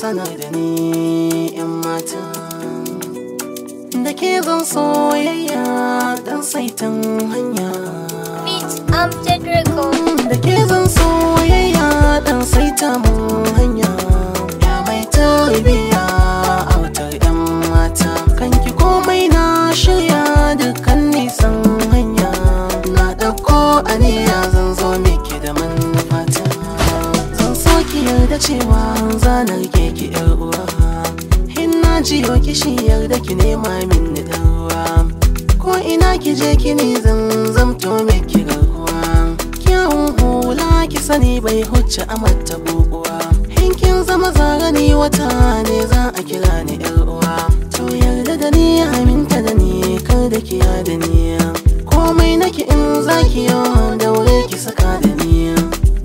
sana da ni yan mata da ke zan soyayya dan saitan hanya da ke zan soyayya dan saita mun hanya ya mai biya a yan mata kanki komai na shirya dukkan nisan hanya na ɗauko aniya zan zo miki da manufata zan so ki yarda cewa zanar na jiyo yarda da ki nema min da ruwa ko ina ki je ki ne zanzam to me ki garkuwa kyawun hula ki sani bai huce a mata buguwa hinkin zama zarani ni wata ne za a kira ni yar uwa to yarda da ni aminta da ni kar da ki da ni komai naki in za ki yau daure ki saka da ni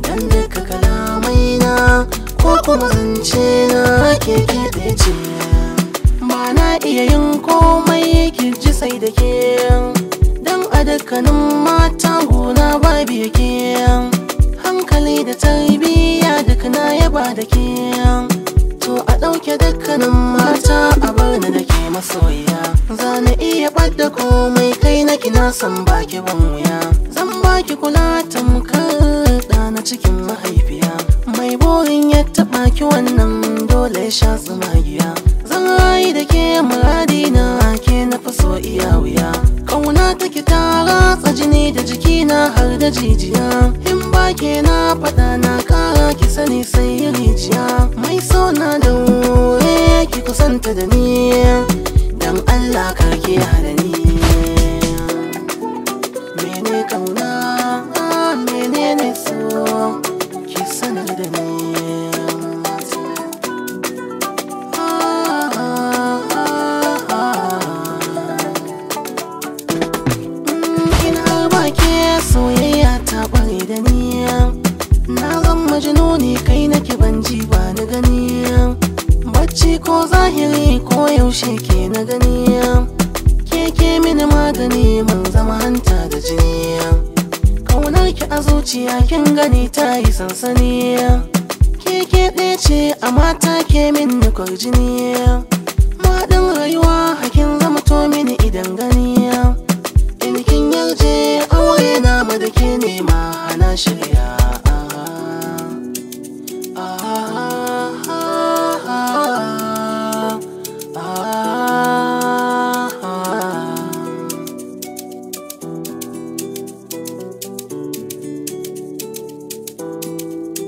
dan ka kalamai na ko kuma zance na ke ke ce ba na iya yin komai yake ji sai da ke dan a dukkanin mata gona babu ke. hankali da tarbiyya duka na yaba da ke to a ɗauke dukkanin mata a barna da ke masoyiya za na iya ɓadda komai kai na kina san baki ban wuya zan baki kula tamkar na cikin mahaifiya mai burin ya taɓa ki wannan dole ya sha magiya. muradina ake na faso iya wuya kauna take ta ratsa jini da jikina har da jijiya in ba ke na faɗa na kara ki sani sai yi rijiya mai so na da wuri ki kusanta da ni dan Allah karki hada ni mene kauna ke soyayya ta bare da niya. na zan majinuni kai nake ban ji ba ni gani bacci ko zahiri ko yaushe ke na gani keke mini magani mun zama hanta da jini kaunar ki a zuciya kin gani ta yi sansani keke ɗaya ce a mata ke min nukar jini